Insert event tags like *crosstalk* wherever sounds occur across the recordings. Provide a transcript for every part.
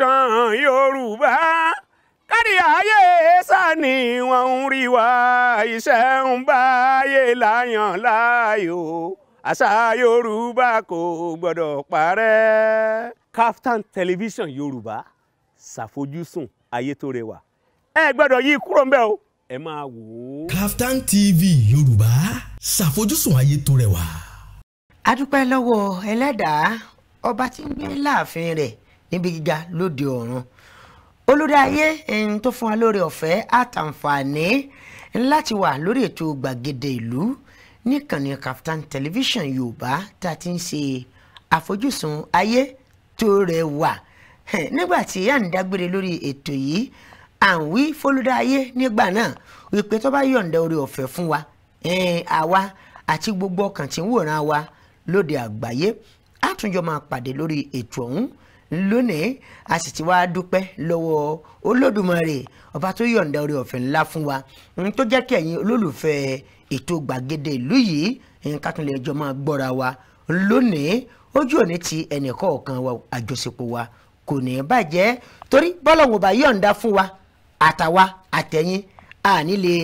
tẹ̀sán yorùbá kárí ayé sani wọn ń rí wa iṣẹ́ ń bá láyàn láàyò àṣà yorùbá kò gbọ́dọ̀ parẹ́. Kaftan television yorùbá ṣàfojúsùn ayé tó rẹwà ẹ gbọ́dọ̀ yí kúrò ń o ẹ máa wò ó. Kaftan TV yorùbá ṣàfojúsùn ayé tó rẹwà. a dúpẹ́ lọ́wọ́ ẹlẹ́dàá ọba tí ń gbé láàfin rẹ̀ níbi gíga lóde ọ̀run olùdáyé ẹni tó fún wa lórí ọ̀fẹ́ àtàǹfààní láti wà lórí ètò gbàgede ìlú níkànnì Kaftan television yorùbá tá a ti ń ṣe àfojúsùn ayé tó rẹwà nígbà tí à ń dágbére lórí ètò yìí à ń wí fọlùdáyé nígbà náà wípé tó bá yọ̀ǹda orí ọ̀fẹ́ fún wa àwa àti gbogbo ọkàn tí ń wòran wa lóde àgbáyé á máa pàdé lórí ètò ọ̀hún lónìí a sì ti wá dúpẹ́ lọ́wọ́ olódùmarè ọba tó yọ̀ǹda oore ọ̀fẹ́ ńlá fún wa tó jẹ́ kí ẹ̀yin olólùfẹ́ ètò gbàgede ìlú yìí nǹkan tó lè jọ máa gbọ́ra wa lónìí ojú òní ti ẹnìkọ̀ọ̀kan wa àjọṣepọ̀ wa kò ní bàjẹ́ torí bọ́lọ̀wọ̀ yọ̀ǹda fún wa àtàwa àtẹ̀yin àní lè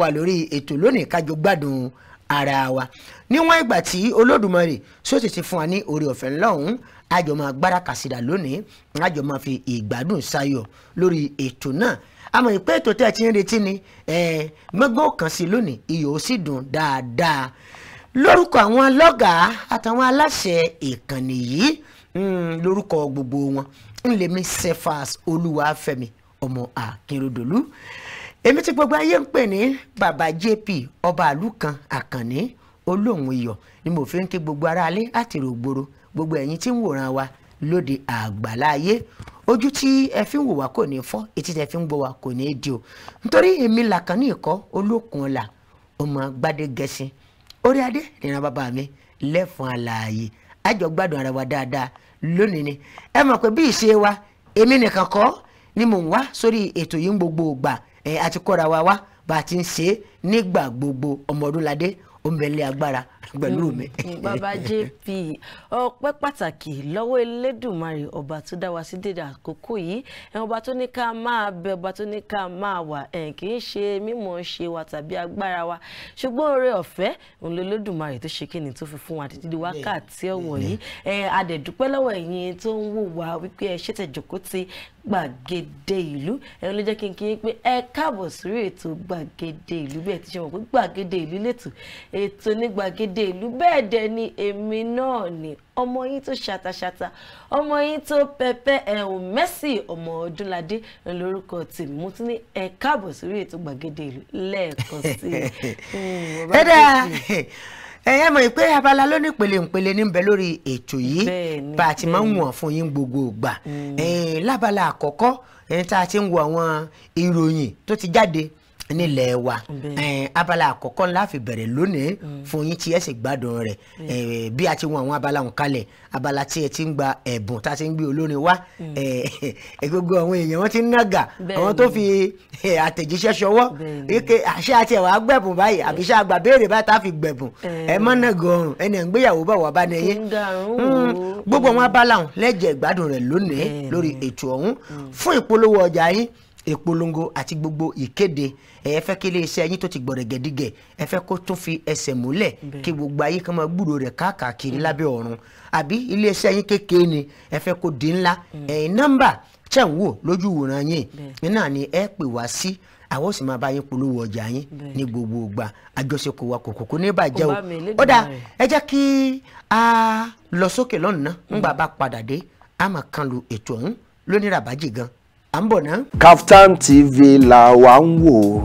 wà lórí ètò lónìí kájọ gbádùn ara wa níwọ̀n ìgbà tí olódùmarè sóòtì ti fún wa ní oore ọ̀fẹ́ ńlọ́hún àjọ máa gbára kàsídà lónìí àjọ máa fi ìgbádùn sayọ̀ lórí ètò náà àmọ́ ìpè ètò tẹ́ ẹ ti ń retí ni gbọ́ngbọ́n kan sí lónìí iyọ̀ ó sì dùn dáadáa lórúkọ àwọn lọ́gàá àtàwọn aláṣẹ ìkànnì yìí hmm, lórúkọ gbogbo wọn ń lèmi Cephas ọmọ Akínrodolú èmi tí gbogbo ayé ń pè ní bàbá JP ọba àlù kan àkànní olóhùn iyọ̀ ni mo fi ń kí gbogbo aráalé àti rògbòrò gbogbo ẹ̀yin tí ń wòran wa lóde àgbàláyé ojú tí ẹ fi ń wò wá kò ní fọ́ etí tẹ fi ń gbọ́ wá kò ní di o nítorí èmi làkàn ní ìkọ́ olókun ọ̀la ọmọ gbadé gẹṣin orí adé nìran bàbá mi lẹ́fun alààyè àjọ gbádùn ara wa dáadáa lónìí ni ẹ mọ̀ pé bí ìṣe wa èmi nìkan kọ́ ni mò ń wá sórí ètò yìí ń gbogbo ògbà ẹ àti kọ́ra wa wá bá a ti ń ṣe é nígbà gbogbo ọmọ ilé agbára pẹ̀lú mi. bàbá jp ọpẹ́ pàtàkì lọ́wọ́ elédùnmarè ọba tó dá wa sí dédé àkókò yìí ọba tó ní ká máa bẹ ọba tó ní ká máa wà kì í ṣe mímọ̀ ṣe wa tàbí agbára wa ṣùgbọ́n oore ọ̀fẹ́ òun ló lédùnmarè tó ṣe kíni tó fi fún wa títí di wákàtí ọ̀wọ̀n yìí adẹ̀dúpẹ́ lọ́wọ́ ẹ̀yin tó ń wò wá wípé ẹ ṣètẹ̀ jòkó ti gbàgede ìlú ẹ̀rọ ló jẹ́ kí n kí n pé ẹ káàbọ̀ sórí ètò gbàgede ìlú bí ti ṣe mọ̀ pé gbàgede ìlú lẹ́tọ̀ ètò ní gbàgede gédé ìlú bẹ́ẹ̀ dẹ̀ ni èmi náà ni ọmọ yín tó ṣàtàṣàtà ọmọ yín tó pẹpẹ ẹ̀hún mẹ́sì ọmọ ọdúnládé lórúkọ tèmi mo tún ní ẹ káàbọ̀ sórí ètò gbàgede ìlú lẹ́ẹ̀kan sí i. *laughs* Hmm, ẹ dáa ẹ mọ̀ pé abala ló ní ìpele ìpele níbẹ̀ lórí ètò yìí bá a ti máa ń wọ̀n fún yín gbogbo ìgbà hmm. lábala àkọ́kọ́ ẹni tá a ti ń wo àwọn ìròyìn tó ti jáde nílẹ̀ wa abala àkọ́kọ́ ńlá fi bẹ̀rẹ̀ lónìí mm. fún yín tí ẹ sì gbádùn rẹ̀ bí a ti wọn àwọn abala ọ̀hún kalẹ̀ abala tí ẹ ti ń gba ẹ̀bùn tá a ti ń gbé olórin wá mm. gbogbo àwọn èèyàn wọn ti ń nàgà àwọn tó fi àtẹ̀jíṣẹ́ ṣọwọ́ àṣẹ àti ẹ̀wà gbẹ̀bùn báyìí àbí àgbà béèrè báyìí tá a fi gbẹ̀bùn ẹ mọ́ nàgà ọ̀run ẹni ẹ̀ ń gbéyàwó bọ̀ wá bá ní ìpolongo àti gbogbo ìkéde ẹ fẹ́ kí iléeṣẹ́ yín tó ti gbọ̀rẹ̀ gẹ̀dígẹ̀ ẹ fẹ́ kó tún fi ẹsẹ̀ múlẹ̀ kí gbogbo ayé kan máa gbúrò rẹ̀ káàkiri mm. lábẹ́ ọ̀run àbí iléeṣẹ́ yín kékeré ni ẹ fẹ́ kó di ńlá mm. ẹ̀yìn nọ́mbà tẹ̀ ń wò lójú wòran yín náà ni ẹ pè wá sí àwọn sì máa bá yín polówó ọjà yín ní gbogbo ìgbà àjọṣepọ̀ wa kò kòkó ní ìbàjẹ́ o ó dà ẹ jẹ́ kí a lọ sókè lọ́nà ńgbà mm. bá padà dé a kan lu ètò ọ̀hún lóníràbájì gan-an à ń bọ̀ ná. Kaftan TV la wa ń wò ó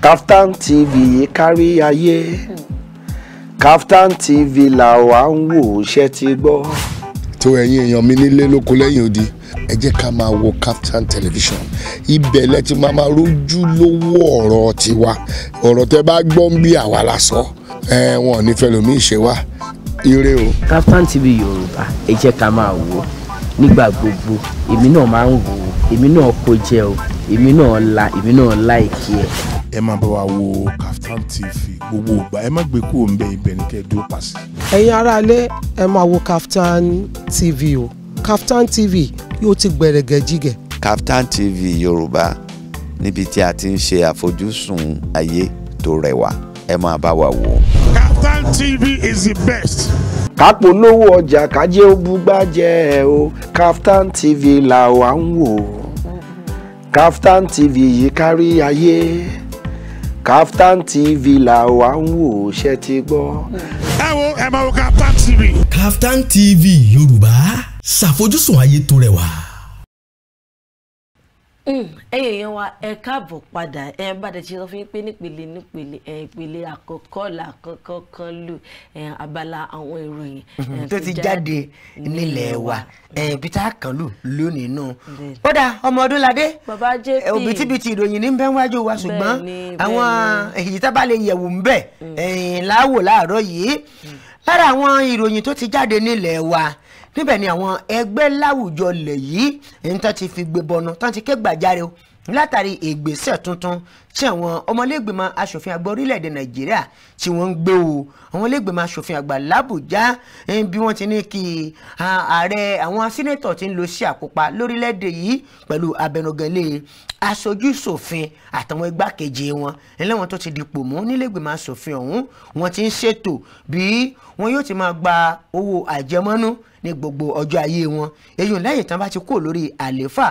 Kaftan TV kárí ayé Kaftan TV la wa ń wò ṣe ti gbọ́. tó ẹ̀yin èèyàn mi nílé lóko lẹ́yìn odi ẹ jẹ́ ká máa wo Captain television ibẹ̀ lẹ ti máa máa rójú lówó ọ̀rọ̀ tiwa ọ̀rọ̀ tẹ bá gbọ́ ń bí àwa la sọ ẹ wọn ò ìṣe wa ire o. Kaftan TV Yorùbá ẹ jẹ́ ká máa wò nígbà gbogbo èmi náà máa ń wò ó èmi náà kó jẹ o èmi náà la èmi náà láìkí ẹ. ẹ máa bá wa wo Kaftan TV gbogbo ìgbà ẹ má gbé kúrò ń bẹ ibẹ̀ ní kẹ́ dúró pàṣẹ. ẹ̀yin aráalé ẹ máa wo Kaftan TV o Kaftan TV yóò ti gbẹ̀rẹ̀gẹ̀ jígẹ̀. Kaftan TV Yorùbá níbi tí a ti ń ṣe àfojúsùn ayé tó rẹwà ẹ máa bá wa wò. Kaftan TV is the best kápò lówó ọjà kájẹ́ ó búgbájẹ́ o Kaftan TV la wà ń wò Kaftan TV yìí kárí ayé Kaftan TV la wà ń wò ṣe ti gbọ́. ẹ wo ẹ máa wo Kaftan TV. Kaftan TV Yorùbá ṣàfojúsùn ayé tó rẹwà. Mm. ẹ̀yin èèyàn wa ẹ káàbọ̀ padà ẹ bá dẹ̀ ṣe lọ fún yín pé nípele nípele ẹ ìpele àkọ́kọ́ làkọ́kọ́ kan lù abala àwọn ìròyìn. Mhm. tó ti jáde nílẹ̀ wa peter kanlu lónìí nù. ó dà ọmọ ọdúnladé òbítíbitì ìròyìn ní bẹ́ẹ̀ wájú wa ṣùgbọ́n àwọn èyí tá bá lè yẹ̀wò ń bẹ̀ mm. láwò láàárọ̀ yìí mm. lára àwọn ìròyìn tó ti jáde nílẹ̀ wa níbẹ̀ ni àwọn ẹgbẹ́ láwùjọ lẹ̀ yìí ní tán ti fi gbé bọnu tán ti ké gbàjáre o látàrí ìgbésẹ̀ tuntun tí àwọn ọmọlẹ́gbìmọ̀ asòfin àgbà orílẹ̀-èdè nàìjíríà tí wọ́n ń gbé o àwọn ilégbèmọ̀ asòfin àgbà làbújá bí wọ́n ti ní kí ààrẹ àwọn sínẹ́tọ̀ ti ń lo sí àkópa lórílẹ̀‐èdè yìí pẹ̀lú abẹnugẹ̀lẹ̀ aṣojú ṣòfin àtàwọn igbákejì wọn ẹlẹ́wọ̀n tó ti dipò mú nílégbèmọ̀ asòfin ọ̀hún wọ́n ti ń ṣètò bí wọ́n yóò ti máa gba owó àjẹmọ́nú ní gbogbo ọjọ́ ayé wọn èyí lẹ́yìn tán bá ti kúrò lórí àlééfà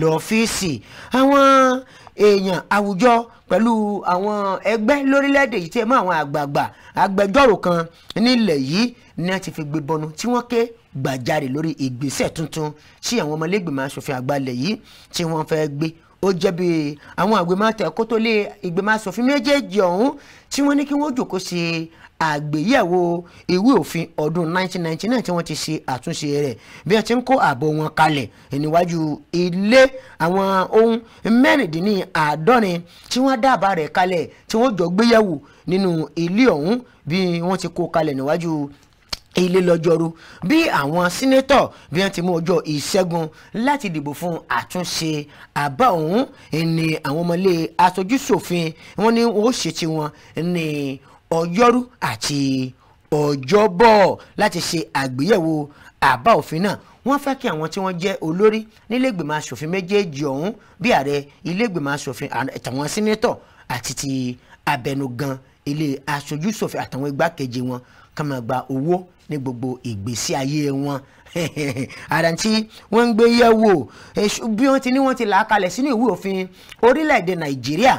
lọ́fíìsì àwọn èèyàn àwùjọ pẹ̀lú àwọn ẹgbẹ́ lórílẹ̀‐èdè yìí tí ẹ mọ àwọn àgbààgbà agbẹjọ́rò kan nílẹ̀ yìí ni a ti fi gbé bọnu tí wọ́n ké gbàjarè lórí ìgbésẹ̀ tuntun tí àwọn ọmọlẹ́gbẹ̀mọ aṣòfin àgbà ilẹ̀ yìí tí wọ́n fẹ́ gbé ó jẹ́ bí àwọn àgbẹ̀mọ tẹ̀kótólé ìgbìmọ̀ aṣòfin méjèèjì ọ̀hún tí wọ́n ní kí wọ́n jòkó sí àgbéyẹ̀wò ìwé òfin ọdún 1999 tí wọ́n ti ṣe àtúnṣe rẹ̀ bí wọ́n ti ń kó ààbò wọn kalẹ̀ níwájú ilé àwọn ohun mẹ́rìndínláàádọ́rin tí wọ́n dábàá rẹ̀ kalẹ̀ tí wọ́n jọ gbéyẹ̀wò nínú ilé ọ̀hún bí wọ́n ti kó kalẹ̀ níwájú ilé lọ́jọ́rú bí àwọn sínétọ̀ bí wọ́n ti mú ọjọ́ ìṣẹ́gun láti dìbò fún àtúnṣe àbá ọ̀hún ni àwọn ọmọlé aṣojúṣòfin wọ́n ní wọ́n ṣe tiwọn ní ọjọ́rú àti ọjọ́bọ̀ láti ṣe àgbéyẹ̀wò àbá òfin náà wọ́n fẹ́ kí àwọn tí wọ́n jẹ́ olórí nílẹ̀gbìmọ̀ asòfin méjèèjì ọ̀hún bí ààrẹ ilẹ̀gbìmọ̀ asòfin àtàwọn sínétọ̀ àti ti abẹnugan ilé aṣojúṣòfin àtàwọn igbákejì wọn kàn máa gba owó ní gbogbo ìgbésí ayé wọn *laughs* àdáǹtí wọ́n ń gbé yẹ̀wò bí wọ́n ti ní wọ́n ti là á kalẹ̀ sínú ìwé òfin orílẹ̀-èdè nàìjíríà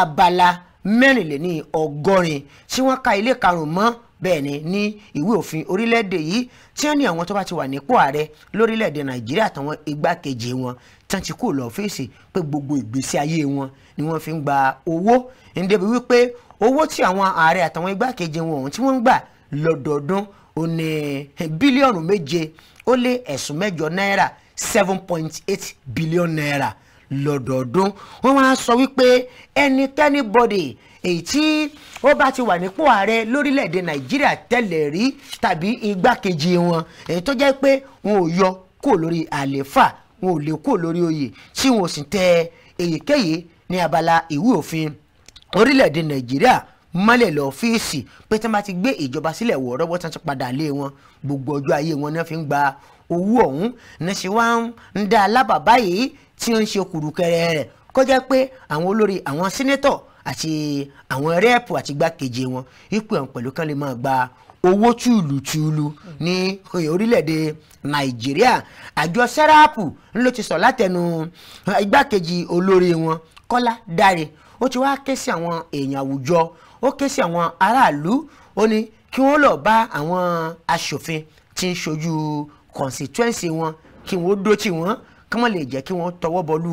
abala mẹ́rìnléní ọgọ́rin tí wọ́n ka ilé karùn-ún mọ́ bẹ́ẹ̀ ni ní ìwé òfin orílẹ̀-èdè yìí tí wọ́n ní àwọn tó bá ti wà nípò ààrẹ lórílẹ̀-èdè nàìjíríà àtàwọn igbákejì wọn tí wọ́n ti kúrò lọ ọ́fíìsì pé gbogbo ìgbésí ayé wọn ni wọ́n fi ń gba owó ǹdẹ́bi wípé owó tí àwọn ààrẹ àtàwọn igbákejì wọn ọ̀hún tí wọ́n ń gbà lọ́dọọdún ó ní bílíọ̀nù méje ó lé ẹ̀sùn mẹ́jọ náírà seven point eight billion naira lọ́dọọdún wọ́n wá sọ wípé ẹni tẹ́nibọ́dì èyí tí ó bá ti wà nípò ààrẹ lórílẹ̀‐èdè nàìjíríà tẹ́lẹ̀ rí tàbí igbákejì wọn èyí tó jẹ́ pé wọn ò yọ kúrò lórí àlééfà wọn ò lè kúrò lórí oyè tí wọn ò sì tẹ èyíkéyìí ní abala ìwé òfin orílẹ̀‐èdè nàìjíríà mọ́lẹ̀ lọ ọ́fíìsì pé tí wọ́n bá ti gbé ìjọba sílẹ̀ wọ̀ ọ́rọ́wọ́ tí wọ́n ti padà lé wọn gbogbo ọjọ́ ayé wọn náà fi ń gba owó ọ̀hún níṣẹ́ wá ń dá alábàbá yìí tí ó ń ṣe kùrùkẹrẹ rẹ̀ kọjá pé àwọn olórí àwọn sínétọ̀ àti àwọn rẹ́ẹ̀pù àti igbákejì wọn ipò ẹ̀hún pẹ̀lú kan lè máa gba owó túlùtúlù ní orílẹ̀-èdè nàìjíríà àjọ sẹ́ráàpù ló ti sọ látẹnu igbákejì olórí wọn kọ́lá dáre ó ti wá ké sí àwọn èèyàn àwùjọ ó ké sí àwọn aráàlú ó ní kí wọ́n lọ bá àwọn aṣòfin tí ń ṣojú constituency wọn kí wọ́n dó tì wọ́n kí wọ́n lè jẹ́ kí wọ́n tọwọ́ bọlú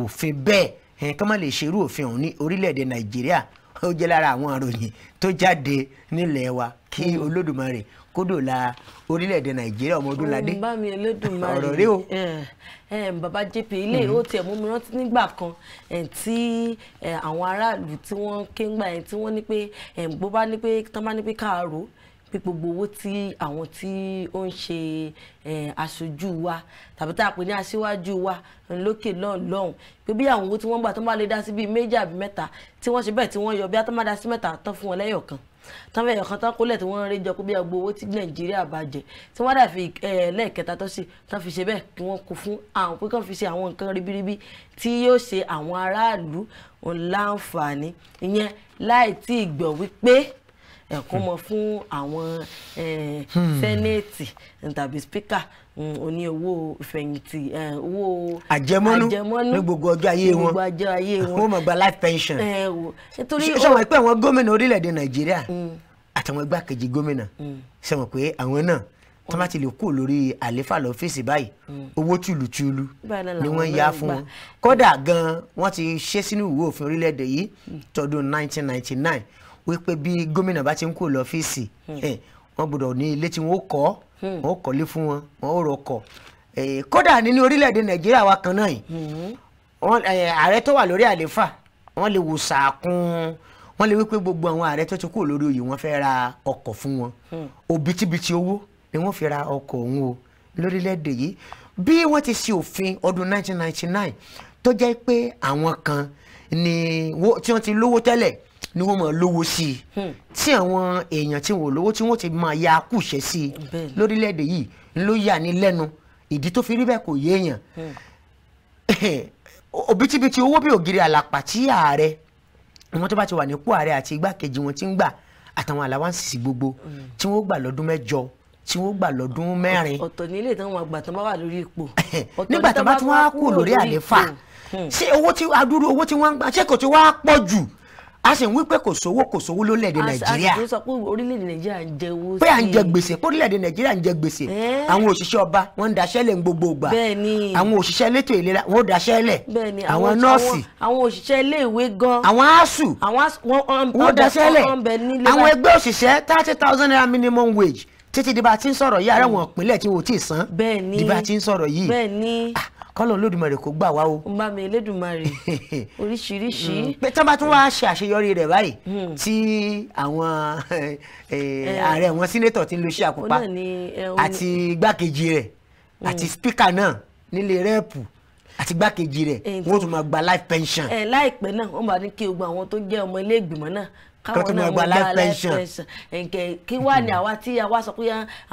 òfin bẹ́ẹ̀ kí wọ́n lè ṣerú òfin ọ̀hún ní orílẹ̀-èdè nàìjíríà ó jẹ́ lára àwọn àròyìn tó jáde nílẹ̀ wa kí hmm. olódùmarè kódò la orílẹ̀-èdè nàìjíríà ọmọ ọdún ládé ọ̀rọ̀ rí o. bàbá jp ilé hmm. ó tiẹ̀ mú mi rántí nígbà kan tí àwọn aráàlú tí wọ́n ké ń gbà yẹn tí wọ́n ní pé bó bá ní pé tán bá ní pé káàárọ̀ pé gbogbo owó tí àwọn tí ó ń ṣe aṣojú wa tàbí tá a pè ní aṣíwájú wa lókè náà lọ́hùn pé bí àwọn owó tí wọ́n gbà tó máa lè dá sí bíi méjì àbí mẹ́ta tí wọ́n ṣe bẹ́ẹ̀ tí wọ́n yọ bí a tó máa dá sí mẹ́ta tán fún wọn lẹ́yọ̀kan tán fẹ́ ẹ̀kan tán kólẹ̀ tí wọ́n ń réjọ kó bí agbo owó tí nàìjíríà bá jẹ tí wọ́n dà fi lẹ́ẹ̀kẹta tó sì tán fi ṣe bẹ́ẹ̀ kí wọ́n kó fún àwọn pé kán fi ṣe àwọn nǹkan ribiribi tí yóò ṣe àwọn aráàlú ńláǹfààní ìyẹn láì tí ì gbọ́ wípé ẹ̀kọ́mọ fún àwọn hmm. sẹ́nẹ̀tì tàbí spíkà oní owó ìfẹ̀yìntì owó àjẹmọ́nú ní gbogbo ọjọ́ ayé wọn gbogbo *laughs* mọ̀ gba life pension sọ̀rọ̀ pé àwọn gómìnà orílẹ̀-èdè nàìjíríà hmm. àtàwọn igbákejì gómìnà sọ̀rọ̀ hmm. pé àwọn náà tó bá ti lè kú lórí àléfà lọ́fíìsì báyìí owó tùlùtùlù ni wọ́n yá fún wọn kódà gan wọ́n ti ṣe sínú ìwé òfin orílẹ̀-èdè yìí tọdún 1999 wípé bí gómìnà bá ti ń kó lọ́fíìsì hmm. wọ́n gbọ́dọ̀ ní ilé tí wọ́n kọ́ hmm. wọ́n kọ́lé fún wọn wọ́n rọkọ̀ kódà nínú orílẹ̀-èdè nàìjíríà wa kan náà yìí hmm. ààrẹ tó wà lórí àlééfà wọ́n lè wò sàkún wọ́n lè wípé gbogbo àwọn ààrẹ tó ti kú lórí oyè wọ́n fẹ́ ra ọkọ̀ fún wọn òbítíbitì owó ni wọ́n fi ra ọkọ̀ òun o lórílẹ̀‐èdè yìí bí wọ́n ti ṣe òfin ọdún 1999 tó jẹ́ pé àwọn kan ni tí wọ́n ti lówó tẹ́lẹ̀ ni wọ́n máa lówó sí i hmm. tí àwọn èèyàn tí wọ́n lówó tí wọ́n ti máa ya kùṣẹ́ sí i lórílẹ̀‐èdè yìí ló yà ní lẹ́nu ìdí tó fi rí bẹ́ẹ̀ kò yéèyàn hmm. *laughs* òbítíbitì owó bí ògiri àlàpà tí ààrẹ wọn tó bá ti wà nípò ààrẹ àti igbákejì wọn ti ń gbà àtàwọn àlàwáǹsì gbogbo hmm. tí wọ́n gbà lọ́dún mẹ́jọ tí wọ́n gbà lọ́dún mẹ́rin. ọ̀tọ̀ nílé tí wọ́n gbà tán bá wà lórí ipò. *laughs* nígbà tán bá tún wá kú lórí àléfà ṣé owó tí adúrú owó tí wọ́n ń gbà ṣé kò tí wọ́n á pọ̀ jù a sì ń wí pé kò sówó kò sówó lórílẹ̀‐èdè nàìjíríà a sì sọ pé orílẹ̀‐èdè nàìjíríà ń jẹ owó sí i pé à ń jẹ gbèsè pé orílẹ̀‐èdè nàìjíríà ń jẹ gbèsè àwọn òṣìṣẹ́ ọba wọ́n ń daṣẹ́ lẹ̀ ń gbogbo ìgbà àwọn òṣìṣẹ́ elétò ìlera wọ́n ń daṣẹ́ lẹ̀ àwọn nọ́ọ̀sì àwọn òṣìṣẹ́ ilé ìwé gan àwọn asù wọ́n daṣẹ́ lẹ̀ àwọn ẹgbẹ́ òṣìṣẹ́ thirty thousand naira minimum wage títí di bá a ti ń sọ̀rọ̀ yìí ara wọn ìpínlẹ̀ tí kọ́lọ̀ lódùmarè kó gbà wá o. bá mi Elédùmarè *laughs* oríṣiríṣi. Mm. pé tí wọ́n bá tún wáá ṣe àṣeyọrí rẹ̀ báyìí hmm. tí àwọn *laughs* eh, eh. ààrẹ wọn sínétọ̀ ti ń lo iṣẹ́ àkópa eh, àti igbákejì rẹ̀ hmm. àti spíkà náà nílé rẹ́ẹ̀pù àti igbákejì rẹ̀ wọ́n tún máa gba life pension. láìpẹ́ náà wọ́n máa ní kí gbogbo àwọn tó jẹ́ ọmọ ilé ìgbìmọ̀ náà kọ́ tó máa gba life pension. ẹ̀ǹkẹ́ kí wàá ní àwa tí àwa sọ pé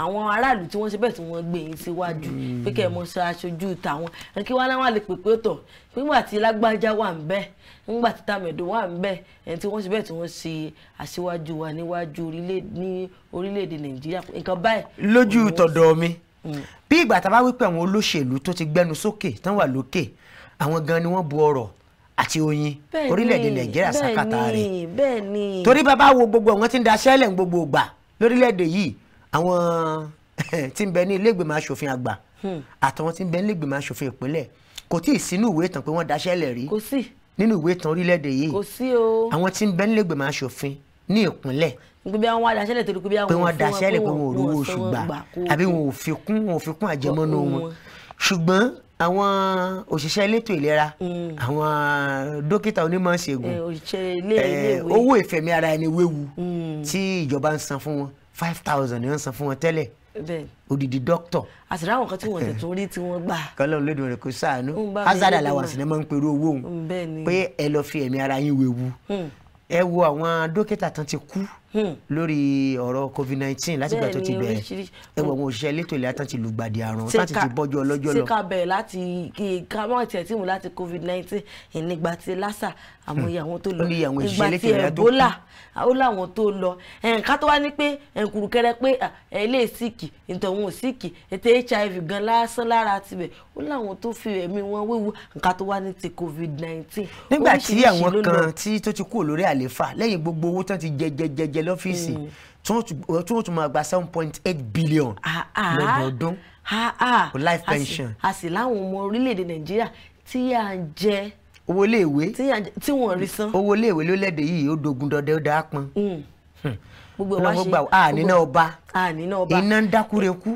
àwọn aráàlú tí wọ́n ṣe bẹ́ẹ̀ tí wọ́n gbé yín síwájú pé kẹ́ ẹ̀ mọ sọ aṣojú tàwọn kí wàá láwọn lè pèpè tọ̀ nígbà tí lágbájá wà ń bẹ nígbà tí tàmẹ̀dọ̀ wà ń bẹ ẹni tí wọ́n ṣe bẹ́ẹ̀ tí wọ́n ṣe aṣíwájú wa níwájú ní orílẹ̀-èdè nàìjíríà nǹkan báyìí. lójú tọ̀dọ̀ mi hmm. bí ìgbà tá a bá wípé àwọn olóṣèlú tó ti gbẹnu sókè tán wà lókè àwọn gan ni wọ́n bu ọ̀rọ̀ àti oyin orílẹ̀-èdè nàìjíríà sàkátà rẹ̀ torí bàbá wo gbogbo àwọn tí ń da sẹ́lẹ̀ ń gbogbo gbà lórílẹ̀-èdè yìí *laughs* hmm. àwọn tí ń bẹ ní ilégbèmọ̀ asòfin àgbà àtàwọn tí ń bẹ ní ilégbèmọ̀ asòfin ìpínlẹ̀ kò tí ì sínú ìwé ìtàn pé wọ́n da sẹ́lẹ̀ rí nínú ìwé ìtàn orílẹ̀-èdè yìí àwọn tí ń bẹ ní ilégbèmọ̀ asòfin ní ìpínlẹ̀ pé wọ́n wá daṣẹ́lẹ̀ torí pé wọ́n daṣẹ́lẹ̀ pé wọ́n ò rówó oṣù àwọn òṣìṣẹ́ elétò ìlera mm. àwọn dókítà onímọ̀ ṣègùn eh, eh, owó ìfẹ̀mí ara ẹni wéwu mm. tí ìjọba ń san fún wọn five thousand ni wọ́n san fún wọn tẹ́lẹ̀ odidi dókítà. àṣírí àwọn kan tí wọn tẹ̀tún eh. rí tí wọ́n gbà. kọ́lọ́ olódùn rẹ̀ kò sàánú hazard alawa sinimá máa ń perú owó òun pé ẹ lọ́ọ́ fi ẹ̀mí ara yín wéwu hmm. ẹ wo àwọn dókítà tán ti kú. Mm Hmm. lórí ọ̀rọ̀ covid nineteen látìgbà tó ti bẹ̀rẹ̀ ẹ wọ̀ wọn òṣìṣẹ́ elétò ìlera tán ti lùgbàdì àrùn tán ti ti bọ́jú ọlọ́jọ́ lọ. ṣé ká bẹ̀rẹ̀ láti ká mọ̀ tiẹ̀ tí mo láti covid nineteen ìnígbà tí lásà àmọ́ iye hmm. àwọn tó lọ ìgbà tí ebola ó láwọn tó lọ ká tó wá ní pé kùrùkẹrẹ pé ilé síkì ìtọ̀hún síkì ètò hiv gan lásán lára tibẹ̀ ó láwọn tó fi ẹ̀mí wọn wéwu ká tó wá ní ti covid nineteen. nígbà tí àwọn kan tí tó ti kú olórí àléfà lẹ́yìn gbogbo owó tán ti jẹjẹjẹjẹ jẹ lọ́fíìsì mm. tí wọ́n tún máa gba seven point eight billion ah, ah, lọ́dọọdún kò ah, life pension. a sì láwọn ọmọ orílẹ̀-èdè nàìjíríà tí à ń jẹ owó iléèwé tí wọ́n rí san. owó iléèwé lólẹ́dẹ̀ yìí ó dogun dọdẹ ó dáa pọn mm. hmm. gbogbo wa ṣe gbogbo àníná ọba iná ń dákúrekú.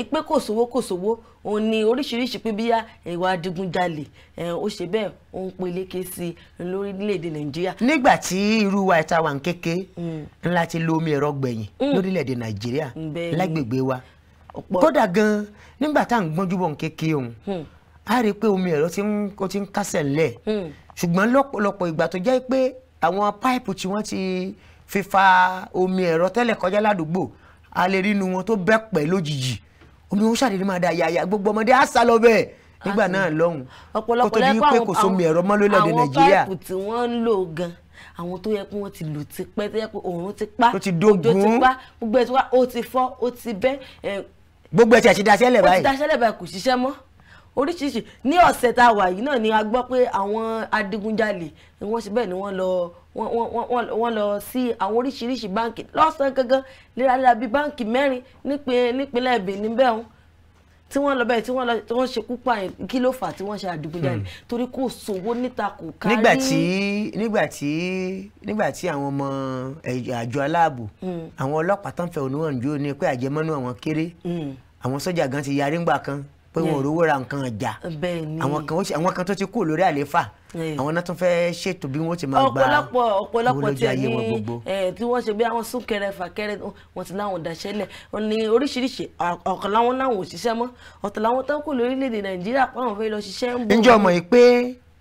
ìpè kò sówó kò sówó òun ni oríṣiríṣi pé bíyá ìwà adigunjalè ó ṣe bẹ́ẹ̀ ó ń peléke sí i lórílẹ̀‐èdè nàìjíríà. nígbà tí irú wa ìta wà ń kéke hmm. ńlá ti lo omi ẹ̀rọ gbẹ̀yìn hmm. lórílẹ̀‐èdè nàìjíríà hmm, lágbègbè wa kódà gan-an nígbà tá à ń gbọ́njú bọ̀ ń kéke òun a rí i pé omi ẹ̀rọ ti ń kásẹ̀ ńlẹ̀ ṣùgbọ́n lọ́pọ̀lọpọ̀ ìgbà tó jẹ́ pé àwọn páìpù tí wọ́n ti fi fa omi ẹ̀rọ tẹ́lẹ̀ kọjá ládùúgbò a lè wọn tó bẹ́ pẹ́ lójijì omi wọn ṣàdédé máa da yàyà gbogbo ọmọdé á sá lọ bẹ́ẹ̀ nígbà náà lọ́hùn kó tó di pé kò sómi ẹ̀rọ mọ́ lórílẹ̀‐èdè nàìjíríà. àwọn páìpù tí wọ́n ń lò gan àwọn tó yẹ pé wọ́n ti lò ti pẹ́ tó yẹ pé òórùn ti pa òjò ti pa gbogbo ẹ̀ tí wọ́n ó ti fọ́ ó ti bẹ́. gbogbo ẹ̀ tí a ti daṣẹ́lẹ̀ báyìí. ó ti daṣẹ́lẹ̀ báyìí kò ṣiṣẹ́ mọ́ oríṣiríṣi ní ọ̀sẹ̀ tá a wà yìí náà ni a gbọ́ pé àwọn adigunjalè ni wọ́n ṣe bẹ́ẹ̀ ni wọ́n lọ wọ́n lọ sí àwọn oríṣiríṣi báǹkì lọ́sàn-án gangan léraléra bíi báǹkì mẹ́rin nípínlẹ̀ Benin bẹ́ẹ̀ tí wọ́n lọ bẹ́ẹ̀ tí wọ́n lọ tí wọ́n kí ló fà tí wọ́n ṣe àdìgúnjalè hmm. torí kò sówó níta kò kárí. nígbà tí àwọn ọmọ àjọ aláàbò hmm. àwọn ọlọ́pàá tán fẹ̀hónú hàn jù ní pé àjẹmọ́nú àwọn kéré hmm. àwọn sọ́jà gan ti yarí ńgbà kan pé wọn ò rówó ra nǹkan ọjà àwọn kan tó ti kú lórí àlééfà àwọn náà tún fẹ́ ṣètò bí wọ́n ti máa gba ọ̀pọ̀lọpọ̀ tí ẹni eh, tí wọ́n ṣe bí àwọn súnkẹrẹ fàkẹrẹ wọn ti láwọn dáṣẹ́lẹ̀ wọn ní oríṣiríṣi ọ̀kan láwọn láwọn ò ṣiṣẹ́ mọ́ ọ̀tọ̀ láwọn tó kù lórílẹ̀‐èdè nàìjíríà pàwọn fẹ́ lọ ṣiṣẹ́ ń bọ̀. ǹjẹ́ ọmọ yìí pé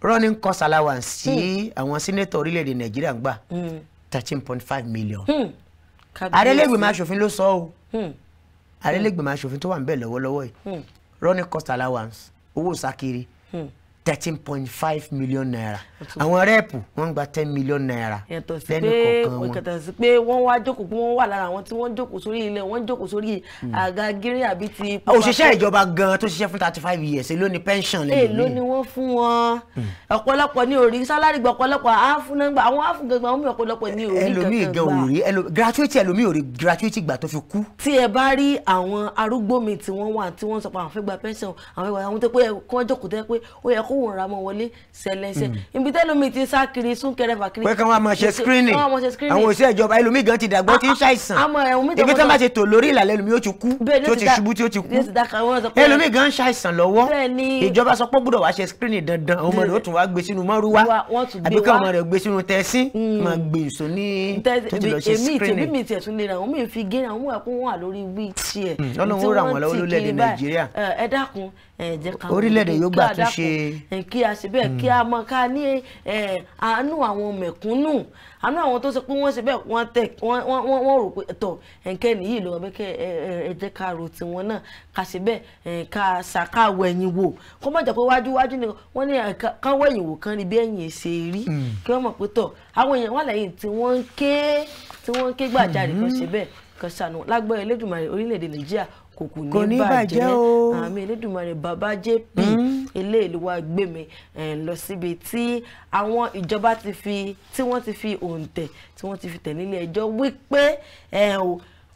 running cost allowance sí hmm. àwọn sínétọ̀ orílẹ̀‐èdè nàìjíríà ń gbà hmm. thirteen point five million. Hmm. àrẹ́lẹ́gbẹ̀mọ running cost allowance owó sákiri. Hmm thirteen point five million naira àwọn rẹ́ẹ̀pù wọ́n ń gba ten million naira lẹ́nu kọ̀ọ̀kan wọn. yàtọ̀ sí pé wọ́n wá jókòó pé wọ́n wà lára àwọn tí wọ́n jókòó sórí ilẹ̀ wọ́n jókòó sórí hmm. àga gírí àbí ti. òṣìṣẹ́ ìjọba gan-an tó ṣiṣẹ́ fún thirty five years ló ní pension lẹ́yìn mi. èló ni wọ́n fún wọn hmm. ọ̀pọ̀lọpọ̀ ní orí sálárì gba ọ̀pọ̀lọpọ̀ àáfúnágbà àwọn àáfúngangbà àwọn ọ̀pọ̀lọpọ̀ ní orí kankan gbà. ẹlòmíì kóhùn ra mọ́ wọlé sẹ̀lẹ̀sẹ̀ ibi tẹ́lómi ti sá kiri súnkẹrẹ fàkiri. pé kí wọ́n máa ṣe screening àwọn òṣìṣẹ́ ìjọba ẹlòmíì gan ti dàgbọ́ ti ń ṣàìsàn ibi tí wọ́n bá ti tò lórí ìlàlẹ́ ẹlòmíì ó ti kú tí ó ti ṣubú tí ó ti kú ẹlòmíì gan ń ṣàìsàn lọ́wọ́ ìjọba sọ pé gbọ́dọ̀ wá ṣe screening dandan ọmọ rẹ̀ ó tún wá gbé sínú mọ́rúwá àbí kí ọmọ rẹ̀ gbé sínú tẹ́sín máa gbé ìṣó ní tó ti lọ ṣe screening orílẹ̀-èdè yóò gbà tún ṣe. kí a ṣe bẹ́ẹ̀ kí a mọ ká ní àánú àwọn mẹ̀kúnnù àánú àwọn tó ṣe pé wọ́n ṣe bẹ́ẹ̀ wọ́n tẹ̀ wọ́n rò pé tọ̀ ẹ̀ǹkẹ́ nìyí lọ́wọ́ bẹ́ẹ̀ kẹ́ ẹ jẹ́ ká ro tiwọn náà ká ṣe bẹ́ẹ̀ ká ṣàkàwọ̀ ẹ̀yìn wò kó má jẹ́ pé wájú wájú ni wọ́n ní káwọ̀ ẹ̀yìn wò kán ni bí ẹ̀yìn ṣe rí hmm. kí wọ́n mọ̀ pé tọ̀ àwọn èèyàn wà lẹ́yìn tí wọ́n ń ké tí wọ́n ń ké gbàjarè kan ṣe hmm. bẹ́ẹ̀ kan ṣàánú lágbára Elédùmarè orílẹ̀-èdè Nàìjíríà kò kò ní bàjẹ́ àmì Elédùmarè bàbá JP hmm. eléèlú wa gbé mi eh, lọ síbi tí àwọn ìjọba ti fi tí wọ́n ti fi òǹtẹ̀ tí wọ́n ti fi tẹ̀ nílé ẹjọ́ wípé eh,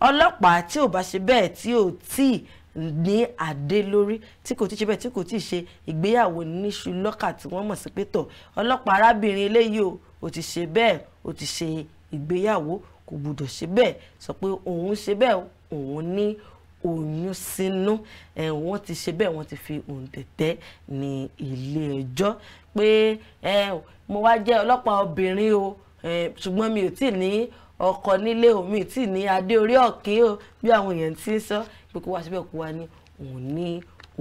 ọlọ́pàá tí ò bá ṣe bẹ́ẹ̀ tí ò tíì ní àdé lórí tí kò ti ṣe bẹ́ẹ̀ tí kò ti ṣe ìgbéyàwó níṣu lọ́kà tí wọ́n mọ̀ sí pé tọ̀ ọlọ́pàá arábìnrin eléyìí ò ti ṣe bẹ́ẹ̀ ò ti ṣe ìgbéyàwó kò gbúdọ̀ ṣe bẹ́ẹ̀ sọ pé òun ṣe bẹ́ẹ̀ òun ní oyún sínú wọ́n ti ṣe bẹ́ẹ̀ wọ́n ti fi òǹtẹ̀tẹ̀ ní ilé ẹjọ́ pé mo wá jẹ́ ọlọ́pàá obìnrin o ṣùgbọ́n mi ò tí ní ọkọ nílé o mi ò tí ní adé orí ọ̀kín o bí àwọn èèyàn ti ń sọ pé kó wá síbẹ̀ kó wá ní òun ní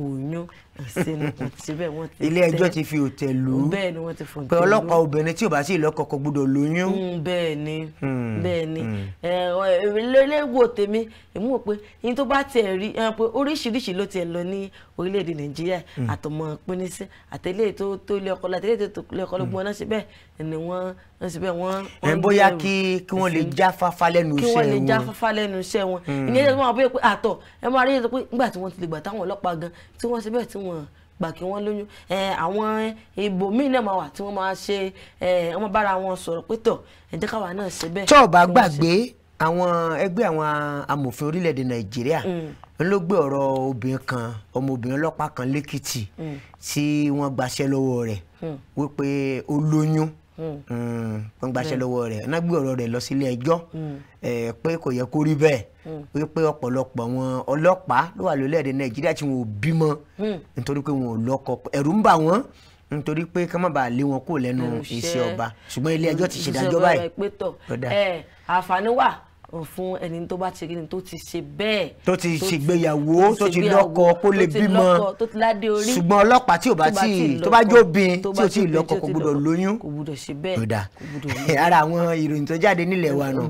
oyún ìsinmi kò síbẹ̀ wọ́n ti tẹ́ ilé ẹjọ́ ti fi òtẹ̀ lù ú bẹ́ẹ̀ ni wọ́n ti fòǹtẹ̀ lù ú pé ọlọ́pàá obìnrin tí ò bá sí ìlọ́kọ kò gbọ́dọ̀ lóyún. Mm, bẹ́ẹ̀ ni hmm, bẹ́ẹ̀ ni hmm. lẹ́wọ́ tèmi èmi ò pé yín tó bá tiẹ̀ rí pé oríṣiríṣi ló tiẹ̀ lọ ní orílẹ̀-èdè nàìjíríà hmm. àtọmọ pínísẹ́ àtẹlẹ́ tó tó ilé ọkọ àtẹlẹ́ tó ilé ọkọ lọ́gbọ́n náà síbẹ̀ ni wọ́n síbẹ̀ wọ́n. ẹ bóyá kí kí wọ́n lè já fáfá lẹ́nu iṣẹ́ wọn. kí wọ́n lè já fáfá lẹ́nu iṣẹ́ wọn. ìyẹn tó máa bóyá pé àtọ̀ ẹ máa rí ètò pé nígbà tí wọ́n ti lè gbà táwọn ọlọ́pàá gan tí wọ́n síbẹ̀ tí w wọn gbà kí wọ́n lóyún àwọn ibòmíì náà máa wà tí wọ́n máa ṣe wọ́n bára wọn sọ̀rọ̀ pé tọ̀ ẹ jẹ́ káwa náà ṣe bẹ́ẹ̀. tó gbàgbé àwọn ẹgbẹ́ àwọn amòfin orílẹ̀-èdè nàìjíríà mm. ló gbé ọ̀rọ̀ obìnrin kan ọmọbìnrin ọlọ́pàá kan lẹ́kìtì mm. tí wọ́n gbaṣẹ́ lọ́wọ́ rẹ̀ mm. wípé ó wọ́n gbaṣẹ́ hmm. lọ́wọ́ rẹ̀ náà gbé ọ̀rọ̀ rẹ̀ lọ sílé ẹjọ́ hmm. pé kò yẹ kó rí bẹ́ẹ̀ hmm. wípé ọ̀pọ̀lọpọ̀ àwọn ọlọ́pàá ló wà lórílẹ̀‐èdè nàìjíríà tí wọn ò bímọ nítorí pé wọn ò lọ́kọ ẹ̀rù ń bà wọ́n nítorí pé ká má bàa lé wọn kúrò lẹ́nu iṣẹ́ ọba ṣùgbọ́n ilé ẹjọ́ ti ṣèdájọ́ báyìí. àǹfààní wà fún ẹni tó bá ti rí ni tó ti ṣe bẹ́ẹ̀. tó ti ṣègbéyàwó tó ti lọ́kọ kó lè bímọ ṣùgbọ́n ọlọ́pàá tí ò bá tí tó bá jóbin tí ò tí ì lọ́kọ kò gbúdọ̀ lóyún kò gbúdọ̀ *laughs* ara àwọn ìròyìn tó jáde nílẹ̀ wa nù.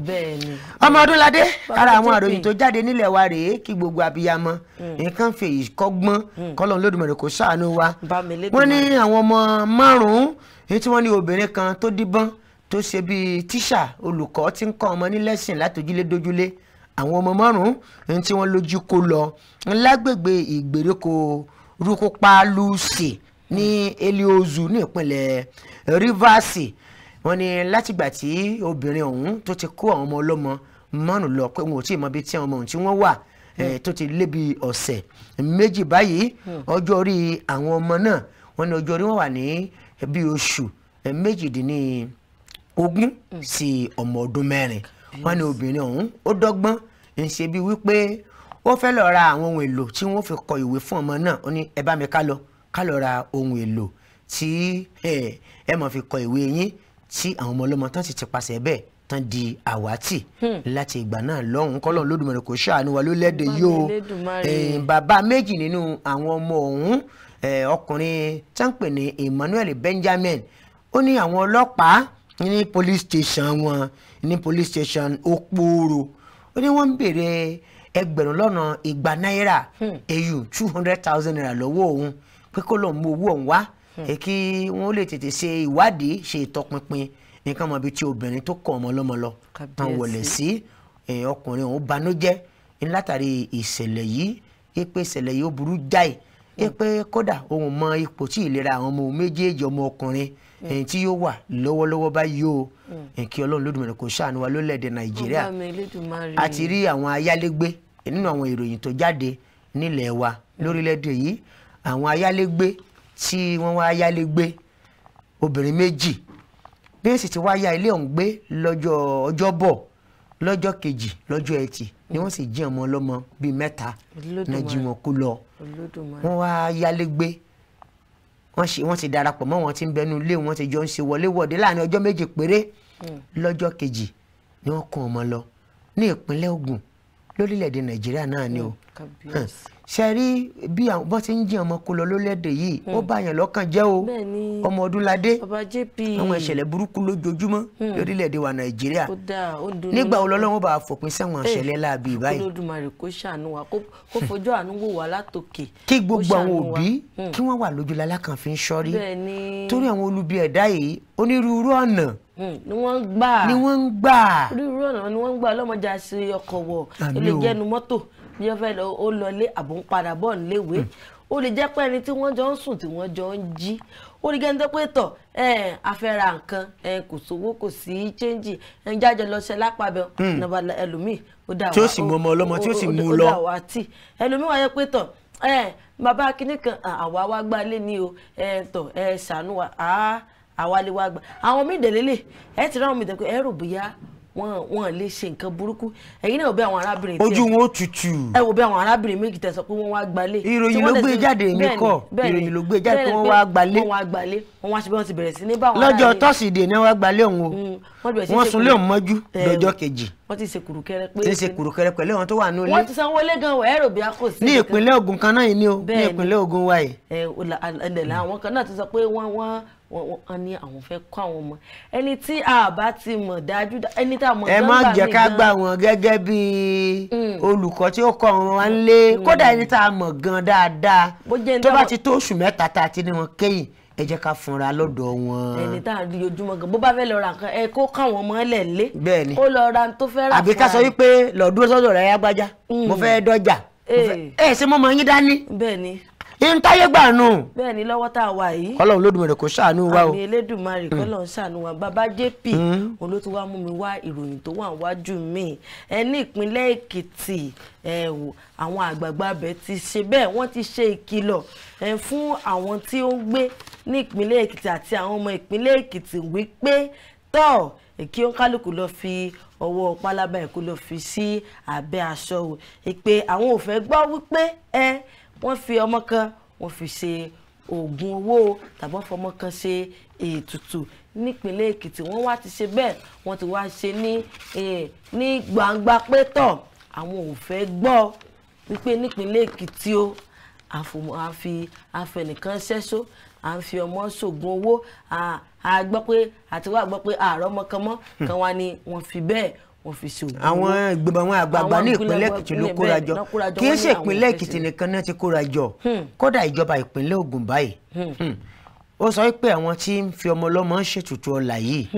ọmọ Ọdúnládé ara àwọn ìròyìn tó jáde nílẹ̀ wa rèé kí gbogbo abiyamọ hmm. nǹkan fi ìkọ́gbọ́n hmm. kọ́lọ́n lódìmọ̀rẹ́ kò ṣàánú wa wọ́n ní àwọn ọmọ márùn-ún tó ṣe bíi tíṣà olùkọ́ tí ń kọ́ ọmọ ní lẹ́sìn látòjúlé dójúlé àwọn ọmọ márùn-ún tí wọ́n lójú kó lọ lágbègbè ìgbèríko rukupalusi ní eliozu ní ìpínlẹ̀ rivasi wọ́n ní látìgbà tí obìnrin ọ̀hún tó ti kó àwọn ọmọ ọlọ́mọ márùn lọ pé wọn ò tí ì mọ ibi tí àwọn ọmọ ọ̀hún tí wọ́n wà hmm. tó ti lé bí ọ̀sẹ̀ méjì báyìí hmm. ọjọ́ orí àwọn ọmọ náà wọ́n ní ọjọ́ orí wọn wà ní bí oṣù méjìdínlẹ́ẹ̀ ogún mm. sí ọmọ ọdún mẹ́rin wọ́n ní obìnrin ọ̀hún ó dọ́gbọ́n ń ṣe bí wípé ó fẹ́ lọ ra àwọn ohun èlò tí wọ́n fi kọ ìwé fún ọmọ náà ó ní ẹ bá mi ká lọ ká lọ ra ohun èlò tí ẹ mọ̀ fi kọ ìwé yín tí àwọn ọmọ ọlọ́mọ tán sì ti pàṣẹ bẹ́ẹ̀ tán di àwátì hmm. láti ìgbà náà lọ́hùn kọ́lọ́n lódùmarè kò ṣàánú wa ló lẹ́dẹ̀ yìí bàbá méjì nínú àwọn ọmọ ọ̀hún ọkùnrin táǹpẹ̀ ní Emmanuel Benjamin ó ní àwọn ọlọ́pàá ní police station wọn ní police station Okporo ó ní wọ́n ń béèrè ẹgbẹ̀rún lọ́nà igba náírà au hmm. two hundred thousand naira lọ́wọ́ òun pé kó lọ́ọ́ mú owó òun wá hmm. kí wọ́n lè tètè ṣe ìwádìí ṣe ìtọpinpin nǹkan mọ̀ bíi ti obìnrin tó kọ̀ ọmọ ọlọ́mọ lọ tán wọlé sí ọkùnrin òun banújẹ́ látàrí ìṣẹ̀lẹ̀ yìí pé ìṣẹ̀lẹ̀ yìí ó burú jáì hmm. pé kódà òun mọ ipò tí ìlera àwọn ọmọ méjèèjì ọmọ ọkùnrin ẹ̀yìn tí yóò wà lọ́wọ́lọ́wọ́ báyìí o mm. kí ọlọ́run lódùmarè kó ṣàánú wa lólẹ̀dẹ̀ nàìjíríà a ti rí àwọn ayálégbé nínú àwọn ìròyìn tó jáde nílẹ̀ wa mm. lórílẹ̀‐èdè yìí àwọn ayálégbé tí wọ́n wá ayálégbé obìnrin méjì bí èsì ti wá ya ilé ọ̀hún gbé lọ́jọ́ ọjọ́bọ̀ lọ́jọ́ kejì lọ́jọ́ ẹtì ni mm. wọ́n sì jí ọmọ ọlọ́mọ bíi mẹ́ta náà jí wọn kó lọ wọ́n wá ayálégbé wọ́n ṣe wọ́n ti darapọ̀ mọ́ wọn ti ń bẹnu ilé wọn ti jọ ń ṣe wọléwọ̀de láàrin ọjọ́ méje péré hmm. lọ́jọ́ kejì ni wọ́n kó ọmọ lọ ní ìpínlẹ̀ Ògùn lórílẹ̀‐èdè Nàìjíríà náà ni o. Mm ṣe rí bí wọ́n ti ń jí ọmọ kó lọ lólẹ́dẹ̀ yìí ó bá yàn lọ́kàn jẹ́ o ọmọ ọdúnládé àwọn ìṣẹ̀lẹ̀ burúkú lójoojúmọ́ lórílẹ̀‐èdè wa nàìjíríà nígbà wo lọ́lọ́run bá fòpin sáwọn eh, ìṣẹ̀lẹ̀ láabi báyìí. olódùmarè kó ṣàánú wa kó fojú àánú wò wá látòkè. kí gbogbo àwọn òbí hmm. kí wọ́n wà lójú lalákan fi ń ṣọ́rí torí àwọn olubi ẹ̀dá yìí onírúurú ọ̀nà hmm, ni wọ́n ń gbà ni wọ́n ń gbà onírúurú ọ̀nà ni wọ́n ń gbà ọlọ́mọdé àṣírí wọ̀ ilé mọ́tò bí wọ́n fẹ́ lọ ó lọlé àbò ń padà bọ̀ níléèwé hmm. ó lè jẹ́ pé ẹni tí wọ́n jọ ń sùn tí wọ́n jọ ń jí ó lè gẹ́ni tó pé tọ̀ afẹ́ra nǹkan kò sówó kò sí chẹ́ńjì jájọ lọ́sẹ̀ lápapẹ̀ hmm. nàbà ẹlòmíì ó dà wá tí ó sì mú ọmọ ọlọ́mọ tí ó sì mú lọ ẹlòmíì wáyé pé tọ̀ bàbá kínní kan àwa wá gbá lé ní o tọ̀ ṣàánú wa àwa lè wá gbà àwọn míì wọn wọn lè ṣe nǹkan burúkú ẹ̀yin náà bí àwọn arábìnrin ojú wọn ó tutù ẹ wo bí àwọn arábìnrin méjì tẹsán pé wọn wá gbalé ìròyìn ló gbé jáde èmi kọ ìròyìn ló gbé jáde pé wọn wá gbalé wọn wá gbalé wọn wá ṣe bí wọn ti bẹ̀rẹ̀ sí ní bá wọn lọ́jọ́ tọ́sídẹ̀ẹ́ ni wọ́n gbalé òun o mm, wọ́n sùn lé òun mọ́jú lọ́jọ́ kejì wọ́n ti ṣe kùrùkẹrẹ pé ti ṣe kùrùkẹrẹ pẹ̀lú àwọn tó wà ní ilé wọ́n ti sanwó lé gan wẹ̀ẹ́ rò bí a kò sí. ní ìpínlẹ̀ Ògùn kan náà yìí ni o ní ìpínlẹ̀ Ògùn wa yìí. ẹ ẹ àwọn kan náà ti sọ pé wọ́n wọ́n wọ́n ní àwọn fẹ́ kọ́ àwọn ọmọ ẹni tí a bá ti mọ̀ dájú ẹni tá a mọ̀ nọ́mbà mi gan. ẹ má jẹ́ ká gbà wọ́n gẹ́gẹ́ bí mm. olùkọ́ tí ó kọ́ wọn lé mm. kódà ẹni tá a mọ̀ gan dáadáa tó bá ti tó oṣù mẹ́ta tá a ti ní wọn kẹ́yìn ẹ jẹ́ ká fúnra lọ́dọ̀ wọn. ẹni tá a rí ojúmọ́ gan bó bá fẹ́ lọ ra nǹkan ẹ kó káwọn ọmọ ẹlẹ̀ lé. bẹ́ẹ̀ni ó lọ ra tó fẹ́ rà fúnra rẹ̀. àbí ká sọ wípé lọ́ọ́ dúró sọ́dọ̀ rẹ̀ yá gbájá mo fẹ́ dọ́jà ẹ ṣe mọ́ mọ́ yín dání ìntayé gbà nù. bẹ́ẹ̀ ni lọ́wọ́ tá a wà yìí. Ọlọ́run lódùmarè kó ṣàánú wa o. àmì Elédùmarè hmm. kọlọrun ṣàánú wa bàbá JP hmm. òun ló ti wá mú mi wá ìròyìn tó wà wájú mi ẹ ní ìpínlẹ̀ Èkìtì ẹ wò àwọn àgbààgbà bẹ́ẹ̀ ti ṣe bẹ́ẹ̀ wọ́n ti ṣe ìkìlọ̀ ẹ fún àwọn tí ó ń gbé ní ìpínlẹ̀ Èkìtì àti àwọn ọmọ ìpínlẹ̀ Èkìtì wípé tọ èkí ó kálukú lọ fi ọwọ́ pálábá ẹ̀ lọ fi sí abẹ́ aṣọ o ìpè àwọn ò fẹ́ gbọ́ wípé ẹ. Eh, wọ́n fi ọmọ kan wọ́n fi ṣe oògùn owó tàbí wọ́n fọmọ kan ṣe ètùtù nípínlẹ̀ èkìtì wọ́n wá ti ṣe bẹ́ẹ̀ wọ́n ti wá ṣe ní ní gbangba pétọ̀ àwọn ò fẹ́ gbọ́ wípé nípínlẹ̀ èkìtì o àfi àfẹnìkan ṣẹ́ṣó à ń fi ọmọ ṣògùn owó a gbọ́ pé àti wá gbọ́ pé àárọ̀ ọmọ kan mọ́ hmm. kan wá ni wọ́n fi bẹ́ẹ̀ wọ́n fi ṣe ògùn. àwọn ìgbìmọ̀ àwọn àgbààgbà ní ìpínlẹ̀ èkìtì ló kóra jọ kì í ṣe ìpínlẹ̀ èkìtì nìkan náà ti kóra jọ hmm. kódà ìjọba ìpínlẹ̀ ògùn báyìí hmm. Hmm. ó sọ pé àwọn tí ń fi ọmọ ọlọ́mọ ṣètùtù ọ̀la yìí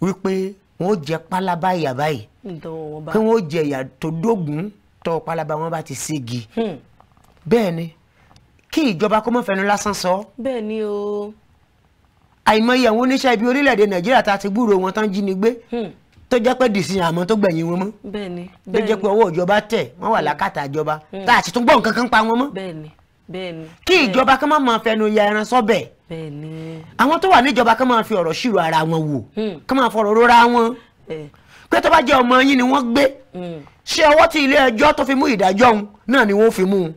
wípé wọn ó jẹ pálábá ìyà báyìí kí wọn ó jẹ tó dógùn tọ pálábá wọn bá ti ségi bẹ́ẹ̀ ni kí ìjọba kó mọ́ fẹnu lásán sọ. bẹ́ẹ̀ ni o. àìmọye àwọn oníṣẹ́ ibi orílẹ̀-èdè nàìjíríà ta ti gbúròó wọn tán jínigbé tó jẹ́ pé dìsìn àmọ́ tó gbẹ̀yìn wọn mọ́ bẹ́ẹ̀ni bẹ́ẹ̀ni tó jẹ́ pé ọwọ́ ìjọba tẹ̀ wọ́n wà lákàtà ìjọba tá a sì tún gbọ́ nǹkan kan pa wọn mọ́ bẹ́ẹ̀ni bẹ́ẹ̀ni kí ìjọba kan má máa fẹnu ya ẹran sọ́bẹ̀ bẹ́ẹ̀ni àwọn tó wà níjọba kan máa fi ọ̀rọ̀ ṣírò ara wọn wò hmm. kan máa fọ̀rọ̀ rora wọn pé tó bá jẹ́ ọmọ yín ni wọ́n gbé hmm. ṣé ọwọ́ tí ilé ẹjọ́ tó fi mú ìdájọ́ òun náà ni wọ́n fi mú un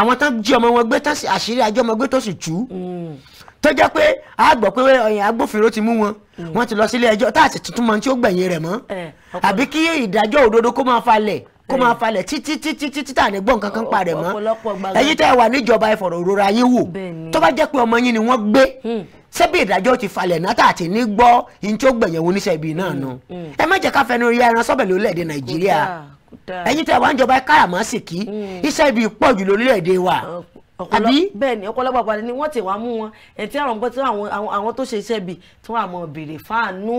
àwọn tán jí ọmọ wọn gbé tán àṣírí ajọ́ tó sì tú hmm tó jẹ́ pé a gbọ́ pé agbófinró ti mú wọn mm. wọ́n ti lọ sílé ẹjọ́ tá a sì tuntun mọ tí ó gbẹ̀yìn rẹ̀ mọ́ eh, àbí kí ìdájọ́ òdodo kó máa falẹ̀ kó máa eh. falẹ̀ títí títí títí tà ní gbọ́n kankan pa mọ́ ẹ̀yin tẹ́ ẹ wà níjọba ìfọ̀rọ̀ òrora yín wò tó bá jẹ́ pé ọmọ yín ni wọ́n gbé hmm. ṣebí ìdájọ́ ti falẹ̀ náà tààtì ní gbọ́ yín tí ó gbẹ̀yìn wo níṣẹ́ ibi náà hmm, nu hmm. ẹ má jẹ́ ká fẹnu rí ẹran sọ́bẹ̀ lórílẹ̀‐èdè nàìjíríà ẹ̀yin tẹ́ wà níjọba káràmásìkí iṣẹ́ ibi pọ̀ jù lórílẹ̀‐èdè wa àbí bẹ́ẹ̀ ni ọ̀pọ̀lọpọ̀ àpàdé ni wọ́n ti wá mú wọn ẹni tí àwọn gbọ́ tí àwọn tó ṣe iṣẹ́ bì tí wọ́n àmọ́ béèrè fáànù